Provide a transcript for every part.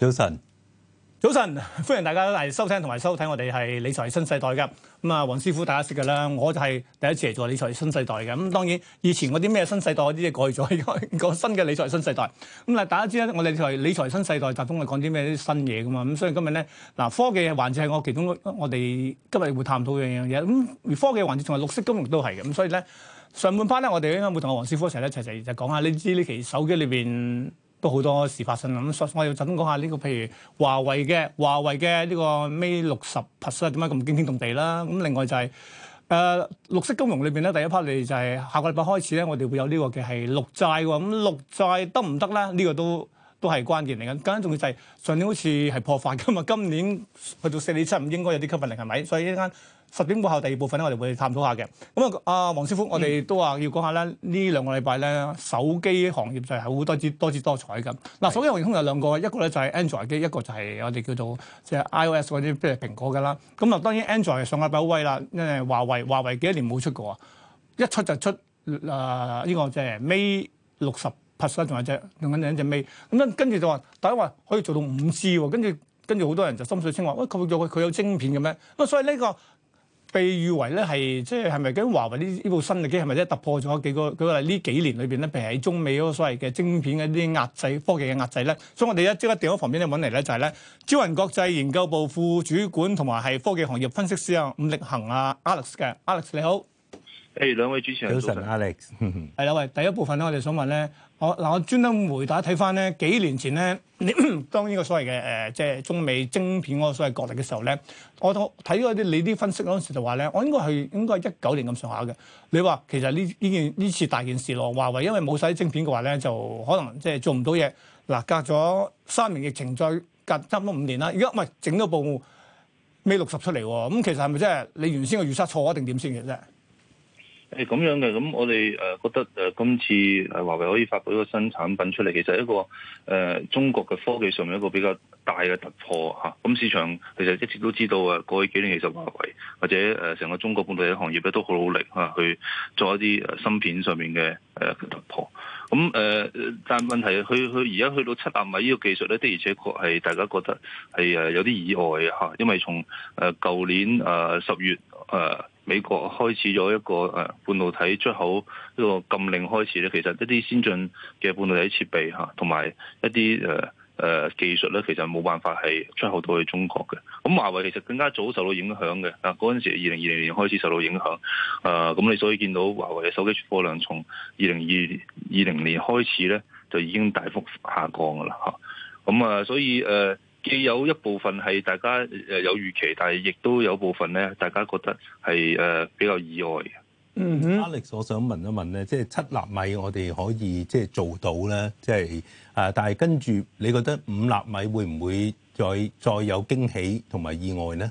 早晨，早晨，歡迎大家嚟收聽同埋收睇我哋係理財新世代嘅。咁啊，黃師傅大家識噶啦，我就係第一次嚟做理財新世代嘅。咁當然以前嗰啲咩新世代嗰啲嘢過去咗，講新嘅理財新世代。咁但大家知啦，我哋係理財新世代，集中係講啲咩新嘢噶嘛。咁所以今日咧，嗱科技嘅環節係我其中我哋今日會探討嘅一樣嘢。咁科技環節仲係綠色金融都係。咁所以咧上半 part 咧，我哋應該會同阿黃師傅一齊一齊就講下呢支呢期手機裏邊。都好多事發生咁，我要要講下呢、這個譬如華為嘅華為嘅呢個 Mate 六十 Plus 點解咁驚天動地啦？咁另外就係、是、誒、呃、綠色金融裏邊咧，第一 part 嚟就係下個禮拜開始咧，我哋會有呢個嘅係綠債喎。咁綠債得唔得咧？呢、這個都都係關鍵嚟緊。更加重要就係上年好似係破發㗎嘛，今年去到四厘七五應該有啲吸引力係咪？所以依家。十點過後第二部分咧，我哋會探討下嘅。咁啊，阿黃師傅，我哋都話要講下咧。嗯、這兩星期呢兩個禮拜咧，手機行業就係好多姿多姿多彩㗎。嗱，手機行業通常有兩個，一個咧就係 Android 機，一個就係我哋叫做即係 iOS 嗰啲，譬如蘋果㗎啦。咁啊，當然 Android 上下拜比較威啦，因為華為華為幾多年冇出過啊，一出就出啊！呢、呃這個即係 Mate 六十 Plus，仲有隻仲緊隻 Mate。咁跟跟住就話，大家話可以做到五 G 喎。跟住跟住，好多人就心水清話喂，佢做佢佢有晶片嘅咩？咁啊，所以呢、這個。被譽為咧係即係係咪跟華為呢呢部新力機係咪即係突破咗幾個，佢話呢幾年裏面咧，譬如喺中美嗰個所謂嘅晶片嘅啲壓制，科技嘅壓制咧，所以我哋一即刻電話旁邊咧揾嚟咧就係咧招銀國際研究部副主管同埋係科技行業分析師啊伍力恒啊 Alex 嘅 Alex 你好。誒、hey，兩位主持人早晨，Alex。係啦，喂，第一部分咧，我哋想問咧，我嗱，我專登回答睇翻咧，幾年前咧，當呢個所謂嘅誒，即、呃、係、就是、中美晶片嗰個所謂角力嘅時候咧，我睇睇嗰啲你啲分析嗰陣時就話咧，我應該係應該係一九年咁上下嘅。你話其實呢呢件呢次大件事咯，華為因為冇晒晶片嘅話咧，就可能即係做唔到嘢。嗱，隔咗三年疫情，再隔差唔多五年啦。如果唔係整到部 Mate 六十出嚟喎，咁、嗯、其實係咪即係你原先嘅預測錯一定點先嘅啫？咁樣嘅，咁我哋誒覺得誒今次誒華為可以發佈一個新產品出嚟，其實一個誒、呃、中國嘅科技上面一個比較大嘅突破吓。咁、啊、市場其實一直都知道啊，過去幾年其實華為或者誒成個中國本土嘅行業咧都好努力啊去做一啲誒芯片上面嘅誒、啊、突破。咁、啊、誒，但問題佢佢而家去到七納米呢個技術咧，的而且確係大家覺得係誒有啲意外吓、啊，因為從誒舊年誒十、啊、月誒。啊美國開始咗一個誒半導體出口呢個禁令開始咧，其實一啲先進嘅半導體設備嚇，同埋一啲誒誒技術咧，其實冇辦法係出口到去中國嘅。咁華為其實更加早受到影響嘅，嗱嗰陣時二零二零年開始受到影響。誒，咁你所以見到華為嘅手機出貨量從二零二二零年開始咧，就已經大幅下降㗎喇嚇。咁啊，所以誒。既有一部分係大家誒有預期，但係亦都有部分咧，大家覺得係誒比較意外嘅。嗯哼，Alex，我想問一問咧，即係七納米我哋可以即係做到咧，即係啊，但係跟住你覺得五納米會唔會再再有驚喜同埋意外咧？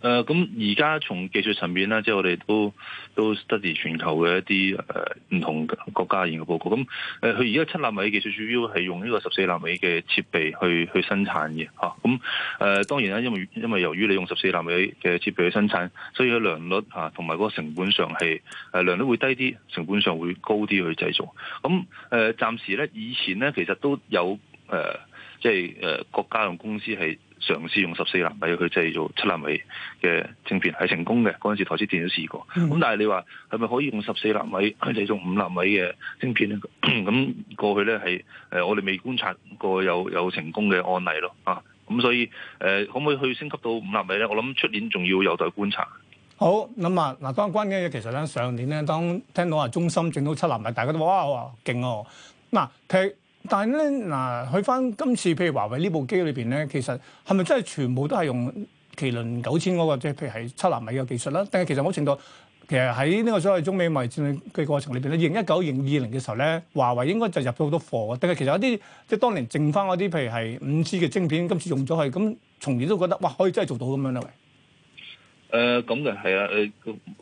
誒咁而家從技術層面啦，即係我哋都都 study 全球嘅一啲誒唔同國家研究嘅報告。咁誒佢而家七納米技術主要係用呢個十四納米嘅設備去去生產嘅。咁誒當然啦，因為因為由於你用十四納米嘅設備去生產，所以個良率同埋嗰個成本上係誒良率會低啲，成本上會高啲去製造。咁、啊、誒、呃、暫時咧，以前咧其實都有誒即係誒國家同公司係。嘗試用十四納米去製造七納米嘅晶片係成功嘅，嗰陣時台積電都試過。咁但係你話係咪可以用十四納米去製造五納米嘅晶片咧？咁 過去咧係誒我哋未觀察過有有成功嘅案例咯。啊，咁所以誒、呃、可唔可以去升級到五納米咧？我諗出年仲要有待觀察。好，咁啊嗱，關關鍵嘅其實咧上年咧，當聽到話中芯整到七納米，大家都話哇，勁哦。嗱、啊，睇、啊。但係咧，嗱，去翻今次譬如華為呢部機裏面咧，其實係咪真係全部都係用麒麟九千嗰個即係譬如係七納米嘅技術啦？定係其實某程度其實喺呢個所謂中美貿易戰嘅過程裏邊咧，二零一九、二零二零嘅時候咧，華為應該就入咗好多貨嘅。定係其實有啲即係當年剩翻嗰啲譬如係五 G 嘅晶片，今次用咗去，咁，從而都覺得哇，可以真係做到咁樣咧。誒、呃，咁嘅係啊，誒、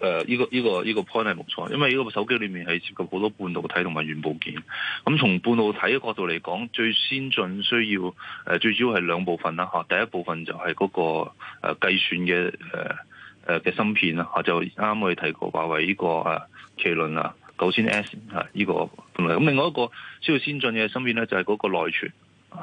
呃，誒、這個，呢、這個呢個呢個 point 係冇錯，因為呢個手機裏面係涉及好多半導體同埋元部件。咁從半導體嘅角度嚟講，最先進需要誒、呃，最主要係兩部分啦吓，第一部分就係嗰個誒計算嘅誒誒嘅芯片啦吓，就啱我哋提過華為呢、這個誒、啊、麒麟啊 9000S 吓呢個，咁另外一個需要先進嘅芯片咧就係、是、嗰個內存。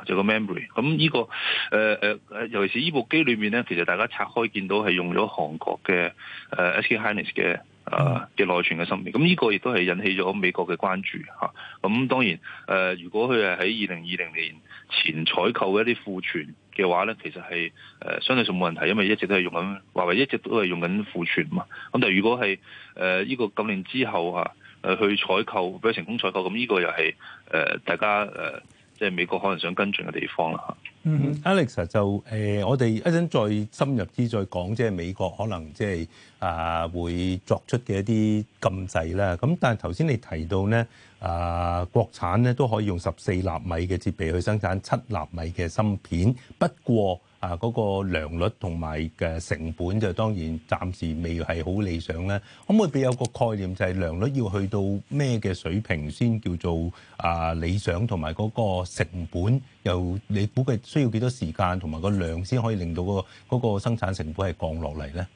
就個 memory，咁呢個誒誒誒，尤其是呢部機裏面咧，其實大家拆開見到係用咗韓國嘅誒、呃、SK i n g h 海力 s 嘅嘅內存嘅芯片。咁呢個亦都係引起咗美國嘅關注嚇。咁當然誒、呃，如果佢係喺二零二零年前採購一啲庫存嘅話咧，其實係誒、呃、相對上冇問題，因為一直都係用緊華為，一直都係用緊庫存嘛。咁但係如果係誒依個九年之後嚇、啊，誒去採購，比較成功採購，咁呢個又係誒大家誒。呃即係美國可能想跟進嘅地方啦。嗯 Alexa 就誒、呃，我哋一陣再深入啲再講，即係美國可能即係啊會作出嘅一啲禁制啦。咁但係頭先你提到咧啊，國產咧都可以用十四納米嘅設備去生產七納米嘅芯片，不過。啊！嗰個良率同埋嘅成本就當然暫時未係好理想咧。可唔可以畀有個概念，就係良率要去到咩嘅水平先叫做啊理想，同埋嗰個成本又你估計需要幾多時間，同埋個量先可以令到嗰個生產成本係降落嚟咧？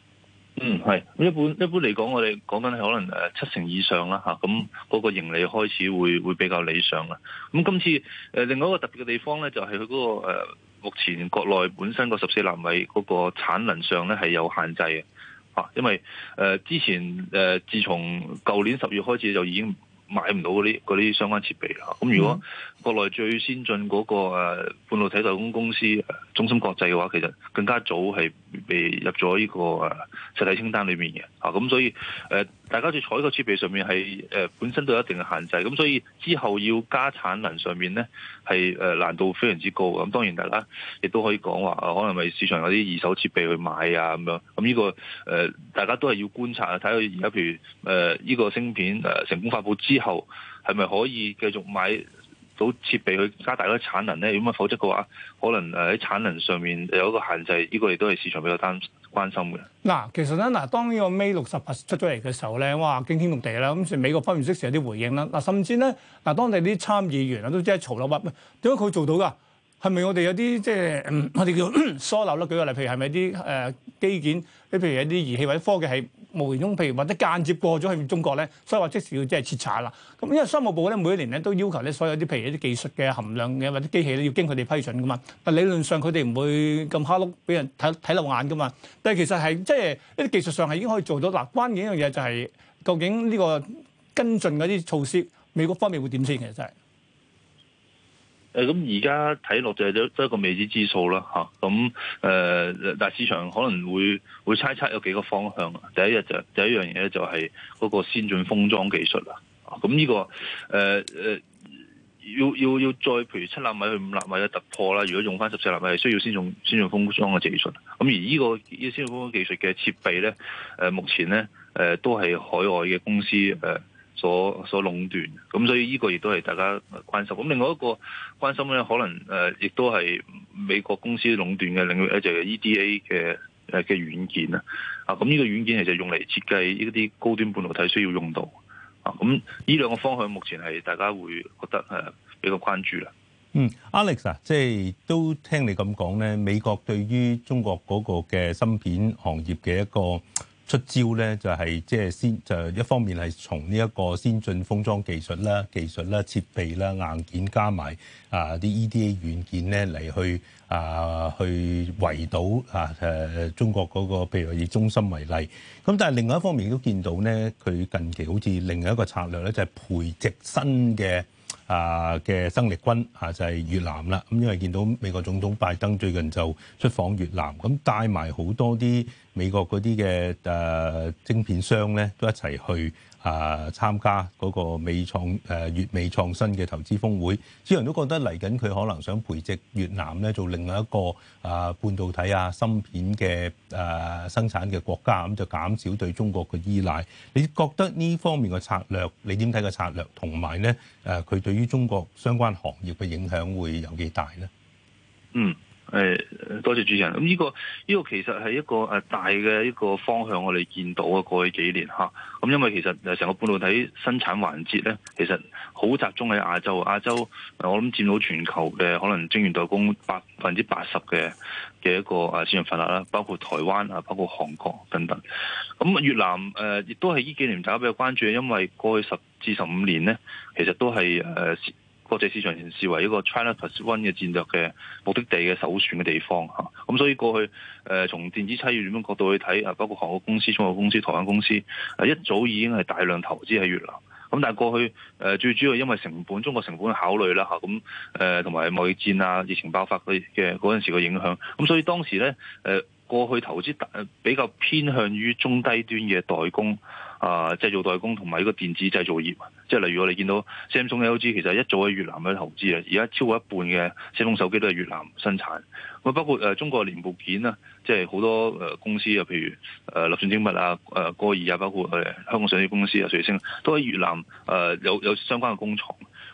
嗯，係。咁一般一般嚟講，我哋講緊係可能誒七成以上啦嚇。咁嗰個盈利開始會會比較理想啦。咁今次誒另外一個特別嘅地方咧，就係佢嗰個目前國內本身個十四納米嗰個產能上咧係有限制嘅。啊，因為誒之前誒自從舊年十月開始就已經買唔到嗰啲嗰啲相關設備啦，咁如果。國內最先進嗰個半導體代工公司中芯國際嘅話，其實更加早係被入咗呢個誒實體清單裏面嘅。啊，咁所以誒、呃，大家在採購設備上面係誒、呃、本身都有一定嘅限制。咁所以之後要加產能上面咧，係誒、呃、難度非常之高。咁當然大家亦都可以講話、啊，可能咪市場有啲二手設備去買啊咁樣。咁呢、這個誒、呃，大家都係要觀察睇下而家，譬如呢依、呃這個芯片成功發布之後，係咪可以繼續買到設備去加大嗰啲產能咧，如果咪否則嘅話，可能誒喺產能上面有一個限制，呢、這個亦都係市場比較擔關心嘅。嗱，其實咧，嗱當呢個 May 六十出咗嚟嘅時候咧，哇，驚天動地啦！咁成美國方面即時有啲回應啦。嗱，甚至咧，嗱當地啲參議員啊都即係嘈落嚟，點解佢做到㗎？係咪我哋有啲即係我哋叫疏漏啦？舉個例，譬如係咪啲誒機件，譬如有啲儀器或者科技係？無形中，譬如或者間接過咗去中國咧，所以話即時要即係撤產啦。咁因為商務部咧，每一年咧都要求咧所有啲譬如一啲技術嘅含量嘅或者機器咧要經佢哋批准噶嘛。但理論上佢哋唔會咁黑碌俾人睇睇漏眼噶嘛。但係其實係即係一啲技術上係已經可以做到嗱、啊，關鍵一樣嘢就係、是、究竟呢個跟進嗰啲措施，美國方面會點先其實真係？咁而家睇落就都都一個未知之數啦，吓咁誒，但市場可能會會猜測有幾個方向啊。第一日就係、第一樣嘢就係嗰個先進封裝技術啦。咁呢個誒誒，要要要再譬如七納米去五納米嘅突破啦。如果用翻十四納米，需要先用先進封裝嘅技術。咁而呢個呢個先進封裝技術嘅設備咧，誒目前咧誒都係海外嘅公司誒。所所壟斷，咁所以呢個亦都係大家關心的。咁另外一個關心咧，可能誒亦、呃、都係美國公司壟斷嘅領域，就係、是、EDA 嘅誒嘅軟件啦。啊，咁呢個軟件其實用嚟設計呢啲高端半導體需要用到。啊，咁呢兩個方向目前係大家會覺得誒比較關注啦。嗯，Alex 啊，即、就、係、是、都聽你咁講咧，美國對於中國嗰個嘅芯片行業嘅一個。出招咧就係即係先就一方面係，從呢一個先進封裝技術啦、技術啦、設備啦、硬件加埋啊啲 EDA 軟件咧嚟去啊去圍堵啊誒、啊、中國嗰個，譬如以中心為例。咁但係另外一方面亦都見到咧，佢近期好似另外一個策略咧就係培植新嘅啊嘅生力軍啊，就係越南啦。咁因為見到美國總統拜登最近就出訪越南，咁帶埋好多啲。美國嗰啲嘅誒晶片商咧，都一齊去啊參加嗰個美創誒越、啊、美創新嘅投資峰會。啲人都覺得嚟緊佢可能想培植越南咧做另外一個啊半導體啊芯片嘅誒、啊、生產嘅國家，咁就減少對中國嘅依賴。你覺得呢方面嘅策略，你點睇個策略？同埋咧誒，佢、啊、對於中國相關行業嘅影響會有幾大咧？嗯。誒，多謝主持人。咁、呢、呢個呢、呢個其實係一個誒大嘅一個方向，我哋見到啊，過去幾年吓。咁因為其實誒成個半導體生產環節咧，其實好集中喺亞洲。亞洲我諗佔到全球嘅可能晶圓代工百分之八十嘅嘅一個誒市場份額啦，包括台灣啊，包括韓國等等。咁越南誒亦都係呢幾年大家比較關注，因為過去十至十五年咧，其實都係誒。國際市場仍視為一個 China Plus One 嘅戰略嘅目的地嘅首選嘅地方嚇，咁所以過去誒從電子產業點樣角度去睇啊，包括韓國公司、中國公司、台灣公司，一早已經係大量投資喺越南。咁但係過去誒最主要因為成本、中國成本嘅考慮啦嚇，咁誒同埋貿易戰啊、疫情爆發嘅嘅嗰陣時嘅影響，咁所以當時咧誒過去投資大比較偏向於中低端嘅代工。啊，製造代工同埋呢個電子製造業，即係例如我哋見到 Samsung、LG 其實一早喺越南嘅投資嘅，而家超過一半嘅 Samsung 手機都係越南生產。咁包括誒中國連部件啦，即係好多公司啊，譬如誒立訊精密啊、誒歌爾啊，包括誒、啊、香港上市公司啊，瑞聲都喺越南誒、啊、有有相關嘅工廠。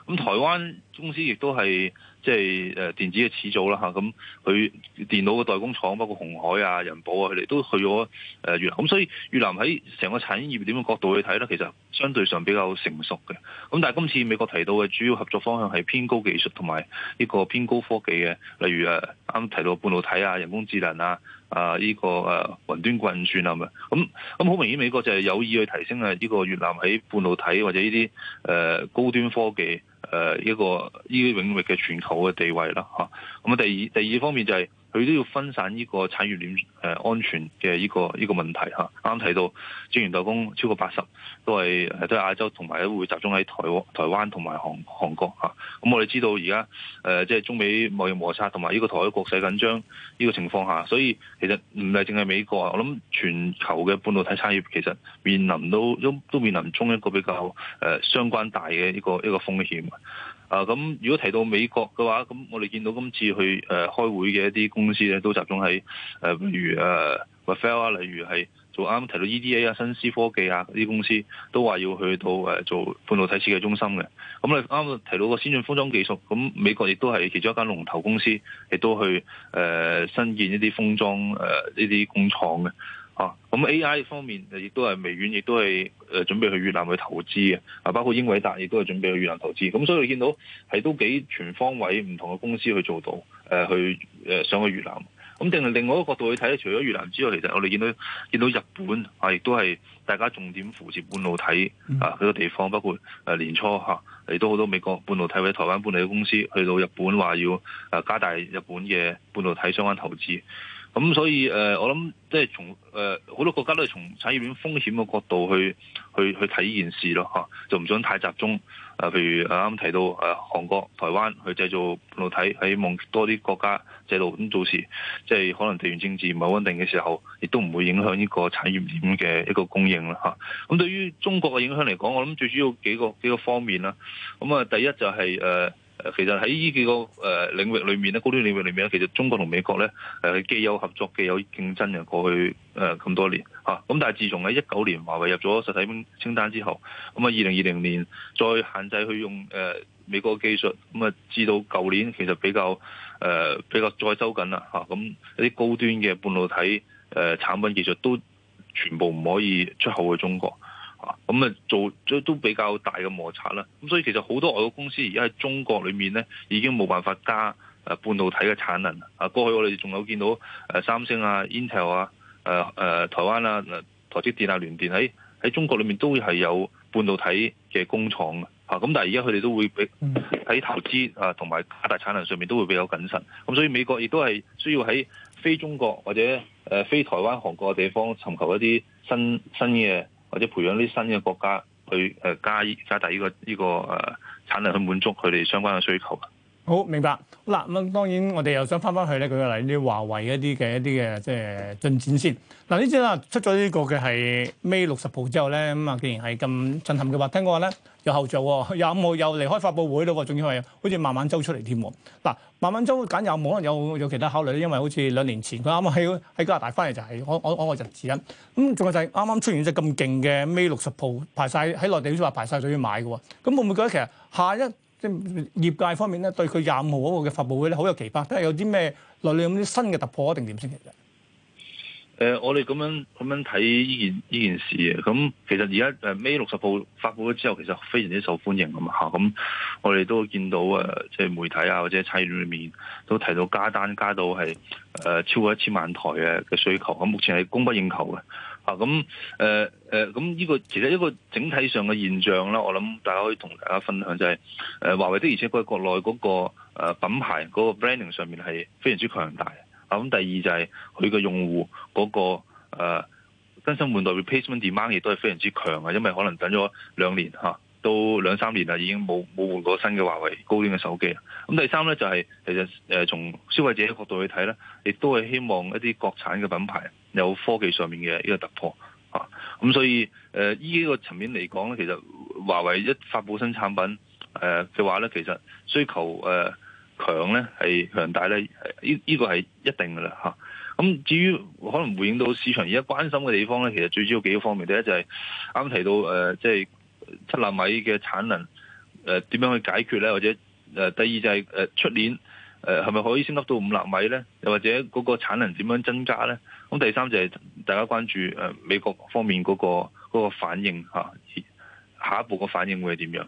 咁台灣公司亦都係。即係誒電子嘅始祖啦嚇，咁佢電腦嘅代工廠，包括鴻海啊、人保啊，佢哋都去咗誒越南。咁所以越南喺成個產業點嘅角度去睇咧，其實相對上比較成熟嘅。咁但係今次美國提到嘅主要合作方向係偏高技術同埋呢個偏高科技嘅，例如誒啱提到半導體啊、人工智能啊。啊！依、這個誒雲端運算啊，係咪咁咁好明顯，美國就係有意去提升誒依個越南喺半導體或者依啲誒高端科技誒一、呃這個依啲領域嘅全球嘅地位啦嚇。咁啊，那第二第二方面就係、是。佢都要分散呢個產業鏈誒安全嘅呢個呢、呢個問題嚇。啱提到資源代工超過八十，都係都係亞洲，同埋都會集中喺台灣、台灣同埋韓韓國嚇。咁、啊嗯、我哋知道而家誒即係中美貿易摩擦，同埋呢個台海國勢緊張呢個情況下，所以其實唔係淨係美國啊。我諗全球嘅半導體產業其實面臨到都都面臨中一個比較誒、呃、相關大嘅一個一個風險。啊，咁如果提到美國嘅話，咁我哋見到今次去誒開會嘅一啲公司咧，都集中喺誒，如 Raphael，例如誒 Mufel 啊，例如係做啱啱提到 EDA 啊、新思科技啊嗰啲公司，都話要去到誒做半導體設計中心嘅。咁你啱啱提到個先進封裝技術，咁美國亦都係其中一間龍頭公司，亦都去誒新建一啲封裝誒呢啲工廠嘅。哦，咁 A.I. 方面亦都係微軟，亦都係誒準備去越南去投資嘅，啊，包括英偉達亦都係準備去越南投資，咁所以見到係都幾全方位唔同嘅公司去做到，誒去誒上去越南，咁定係另外一個角度去睇，除咗越南之外，其實我哋見到見到日本啊，亦都係大家重點扶持半導體啊嗰個地方，包括誒年初嚇嚟都好多美國半導體或者台灣半導體公司去到日本話要誒加大日本嘅半導體相關投資。咁所以誒，我諗即係從誒好多國家都係從產業鏈風險嘅角度去去去睇呢件事咯吓，就唔想太集中。誒，譬如啱啱提到誒韓國、台灣去製造導體，希望多啲國家製造咁做事，即係可能地緣政治唔係穩定嘅時候，亦都唔會影響呢個產業鏈嘅一個供應啦吓，咁對於中國嘅影響嚟講，我諗最主要幾個幾個方面啦。咁啊，第一就係誒。其實喺呢幾個誒領域裏面咧，高端領域裏面咧，其實中國同美國咧，誒既有合作，既有競爭嘅過去誒咁多年嚇。咁但係自從喺一九年華為入咗實體清單之後，咁啊二零二零年再限制佢用誒美國技術，咁啊至到舊年其實比較誒比較再收緊啦嚇。咁一啲高端嘅半導體誒產品技術都全部唔可以出口去中國。咁啊，做咗都比較大嘅摩擦啦。咁所以其實好多外國公司而家喺中國裏面咧，已經冇辦法加誒半導體嘅產能啊。過去我哋仲有見到誒三星啊、Intel 啊、誒、啊、誒台灣啊、台積電啊、聯電喺喺中國裏面都會係有半導體嘅工廠啊。咁但係而家佢哋都會比喺投資啊同埋加大產能上面都會比較謹慎。咁所以美國亦都係需要喺非中國或者誒非台灣韓國嘅地方尋求一啲新新嘅。或者培養啲新嘅國家去誒加加大呢個呢個誒產量去滿足佢哋相關嘅需求。好明白，嗱咁當然我哋又想翻翻去咧，佢又嚟啲華為一啲嘅一啲嘅即係進展先。嗱呢次啦，出咗呢個嘅係 Mate 60 Pro 之後咧，咁啊，既然係咁震撼嘅話，聽講話咧有後續，廿五號又離開發布會咯喎，仲要係好似慢慢週出嚟添。嗱，慢慢週簡有冇可能有有其他考慮，因為好似兩年前佢啱啱喺喺加拿大翻嚟就係、是、我我我個日子啦。咁仲有就係啱啱出現隻咁勁嘅 Mate 60 Pro 排晒喺內地，好似話排晒隊要買嘅喎。咁會唔會覺得其實下一？業界方面咧，對佢廿五號嗰個嘅發佈會咧，好有期盼，都係有啲咩來嚟咁啲新嘅突破定點先嘅？誒、呃，我哋咁樣咁樣睇呢件呢件事嘅，咁其實而家誒 Mate 60號發佈咗之後，其實非常之受歡迎啊嘛吓，咁我哋都見到誒，即、啊、係、就是、媒體啊或者產業鏈裏面都提到加單加到係誒、啊、超過一千萬台嘅嘅需求，咁、啊、目前係供不應求嘅。啊咁誒咁呢個其實一個整體上嘅現象啦，我諗大家可以同大家分享就係、是、誒、呃、華為的而且確喺國內嗰個品牌嗰個 branding 上面係非常之強大啊。咁，第二就係佢嘅用戶嗰個、啊、更新換代 replacement demand 亦都係非常之強啊，因為可能等咗兩年、啊到兩三年啦，已經冇冇換過新嘅華為高端嘅手機啦。咁第三呢、就是，就係其實誒從消費者角度去睇呢，亦都係希望一啲國產嘅品牌有科技上面嘅一個突破嚇。咁所以誒依個層面嚟講咧，其實華為一發布新產品誒嘅話呢，其實需求誒強呢，係強大呢，呢、這、依個係一定噶啦嚇。咁至於可能回應到市場而家關心嘅地方呢，其實最主要幾個方面，第一就係、是、啱提到誒即係。就是七納米嘅產能，誒、呃、點樣去解決咧？或者誒、呃，第二就係誒出年誒係咪可以升級到五納米咧？又或者嗰個產能點樣增加咧？咁第三就係大家關注誒美國方面嗰、嗰個、嗰個反應吓、啊，下一步個反應會係點樣？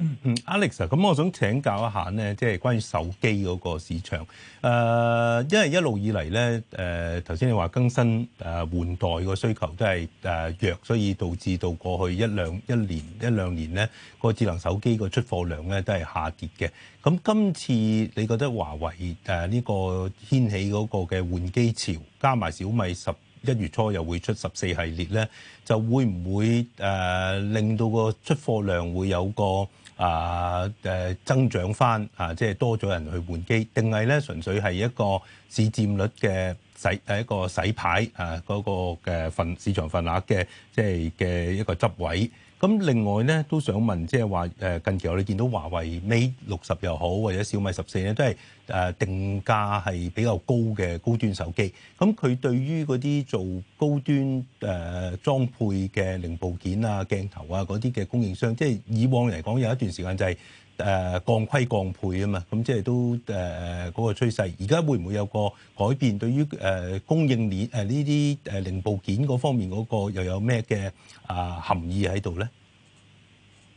嗯嗯，Alex 咁我想請教一下呢，即係關於手機嗰個市場誒、呃，因為一路以嚟呢，誒、呃，頭先你話更新誒、呃、換代個需求都係、呃、弱，所以導致到過去一兩一年一兩年呢個智能手機個出貨量呢都係下跌嘅。咁今次你覺得華為誒呢個掀起嗰個嘅換機潮，加埋小米十一月初又會出十四系列呢，就會唔會誒、呃、令到個出貨量會有個？啊誒增長翻啊，即係多咗人去換機，定係咧純粹係一個市佔率嘅洗誒一個洗牌啊，嗰個嘅份市場份額嘅即係嘅一個執位。咁另外咧，都想問，即係話誒近期我哋見到華為 Mate 六十又好，或者小米十四咧，都係誒定價係比較高嘅高端手機。咁佢對於嗰啲做高端誒裝配嘅零部件啊、鏡頭啊嗰啲嘅供應商，即係以往嚟講有一段時間就係、是。誒降規降配啊嘛，咁即係都誒嗰、嗰個趨勢。而家會唔會有個改變？對於誒、呃、供應鏈誒呢啲誒零部件嗰方面嗰個又有咩嘅啊含義喺度咧？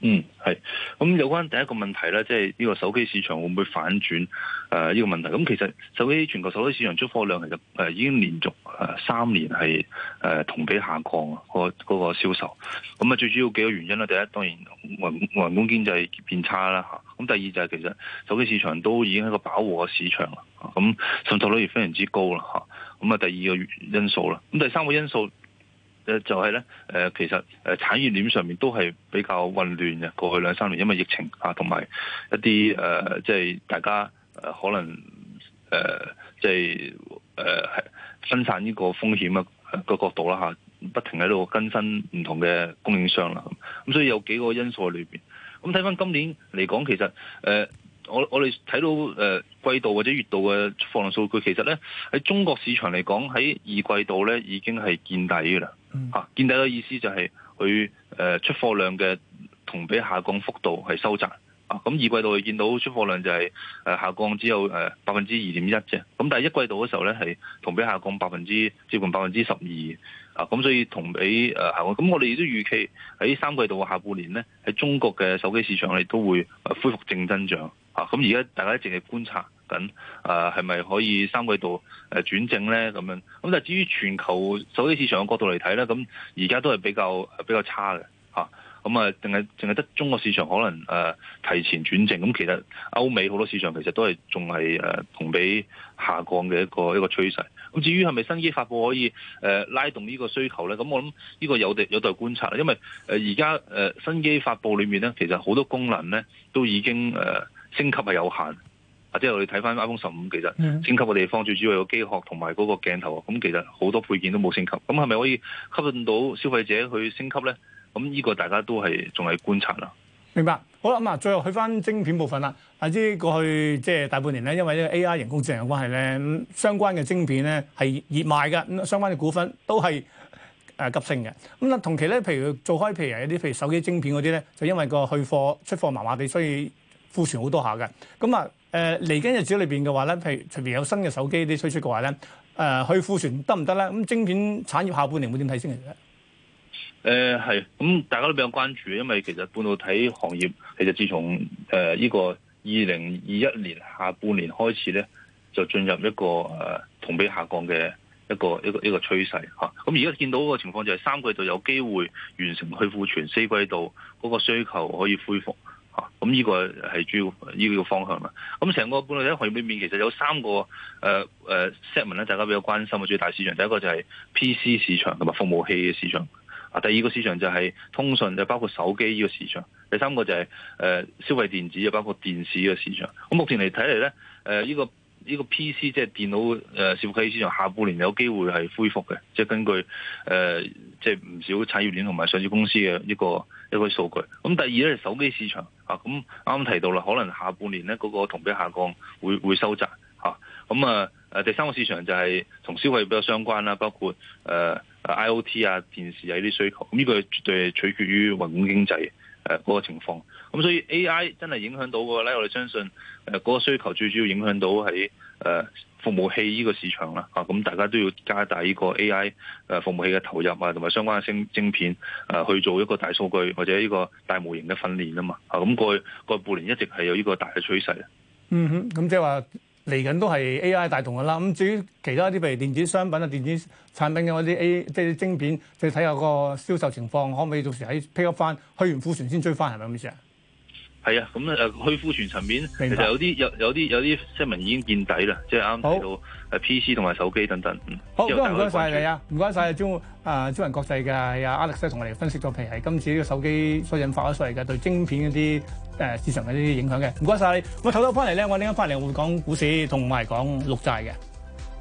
嗯，係。咁有關第一個問題咧，即係呢個手機市場會唔會反轉誒呢個問題？咁其實手機全球手機市場出貨量其實誒已經連續誒三年係誒、呃、同比下降啊，嗰個、嗰個銷售。咁啊最主要幾個原因咧，第一當然外外工經濟變差啦吓。咁第二就係其實手機市場都已經係一個飽和嘅市場啦，咁滲透率亦非常之高啦吓。咁啊第二個因素啦，咁第三個因素。誒就係、是、咧，誒其實誒產業鏈上面都係比較混亂嘅。過去兩三年，因為疫情啊，同埋一啲誒，即、呃、係、就是、大家誒可能誒，即係誒分散呢個風險啊個角度啦嚇、啊，不停喺度更新唔同嘅供應商啦。咁所以有幾個因素喺裏邊。咁睇翻今年嚟講，其實誒。呃我我哋睇到誒、呃、季度或者月度嘅出貨量數據，其實咧喺中國市場嚟講，喺二季度咧已經係見底嘅啦、嗯。啊，見底嘅意思就係佢誒出貨量嘅同比下降幅度係收窄。啊，咁二季度你見到出貨量就係、是、誒、啊、下降只有誒百分之二點一啫。咁但係一季度嘅時候咧係同比下降百分之接近百分之十二。啊，咁所以同比誒下降。咁我哋亦都預期喺三季度嘅下半年咧，喺中國嘅手機市場，我哋都會恢復正增長。啊，咁而家大家淨係觀察緊，誒係咪可以三季度誒轉正咧？咁樣咁但係至於全球手機市場嘅角度嚟睇咧，咁而家都係比較比較差嘅咁啊，淨係淨係得中國市場可能誒、啊、提前轉正。咁、啊、其實歐美好多市場其實都係仲係誒同比下降嘅一個一個趨勢。咁、啊、至於係咪新機發布可以誒、啊、拉動呢個需求咧？咁、啊、我諗呢個有地有待觀察啦。因為誒而家誒新機發布裏面咧，其實好多功能咧都已經誒。啊升級係有限，啊！即係我哋睇翻 iPhone 十五，其實升級嘅地方最主要係個機殼同埋嗰個鏡頭啊。咁其實好多配件都冇升級。咁係咪可以吸引到消費者去升級咧？咁呢個大家都係仲係觀察啦。明白。好啦，咁啊，最後去翻晶片部分啦。啊，即係過去即係大半年咧，因為呢個 AI 人工智能嘅關係咧，相關嘅晶片咧係熱賣㗎，咁相關嘅股份都係誒急升嘅。咁啊，同期咧，譬如做開譬如有啲譬，譬，譬，譬如手機晶片嗰啲咧，就因為個去貨出貨麻麻地，所以。庫存好多下嘅，咁啊誒嚟緊日子裏邊嘅話咧，譬如隨便有新嘅手機啲推出嘅話咧，誒、呃、去庫存得唔得咧？咁晶片產業下半年會點睇先嚟咧？誒、呃、係，咁、嗯、大家都比較關注，因為其實半導體行業其實自從誒依、呃這個二零二一年下半年開始咧，就進入一個誒、呃、同比下降嘅一個一個一個，一個趨勢嚇。咁而家見到個情況就係三季度有機會完成去庫存，四季度嗰個需求可以恢復。咁、這、呢個係主要呢、這個方向啦。咁成個半導體行業裏面，其實有三個誒誒 segment 咧，大家比較關心嘅，主要大市場。第一個就係 PC 市場同埋服務器嘅市場。啊，第二個市場就係通訊，就包括手機呢個市場。第三個就係誒消費電子，包括電視嘅市場。咁目前嚟睇嚟咧，誒、這、呢個。呢、這個 PC 即係電腦誒消費市場下半年有機會係恢復嘅，即、就、係、是、根據誒即係唔少產業鏈同埋上市公司嘅一個一個數據。咁、嗯、第二咧係手機市場啊，咁啱啱提到啦，可能下半年咧嗰、那個同比下降會會收窄嚇。咁啊誒、嗯啊、第三個市場就係同消費比較相關啦，包括誒、呃、IOT 啊、電視啊啲需求。咁、嗯、呢、這個絕對係取決於宏觀經濟誒嗰、呃那個情況。咁所以 A.I. 真係影響到㗎咧，我哋相信誒嗰個需求最主要影響到喺誒服務器依個市場啦。啊，咁大家都要加大呢個 A.I. 誒服務器嘅投入啊，同埋相關嘅晶晶片誒去做一個大數據或者呢個大模型嘅訓練啊嘛。啊、那個，咁個個半年一直係有呢個大嘅趨勢啊。嗯哼，咁即係話嚟緊都係 A.I. 大同嘅啦。咁至於其他啲譬如電子商品啊、電子產品嘅嗰啲 A 即係晶片，再睇下個銷售情況可唔可以到時喺 pay up 翻，去完庫存先追翻，係咪咁意思啊？係啊，咁咧誒，去庫存層面其實有啲有有啲有啲新聞已經見底啦，即係啱到 PC 同埋手機等等。好唔該晒你啊！唔該晒啊，招誒招銀國際嘅阿 Alex 同我哋分析咗譬如係今次呢個手機所引發咗出嚟嘅對晶片嗰啲誒市場嗰啲影響嘅。唔該晒，你。我唞咗翻嚟咧，我呢間翻嚟會講股市同埋講六債嘅。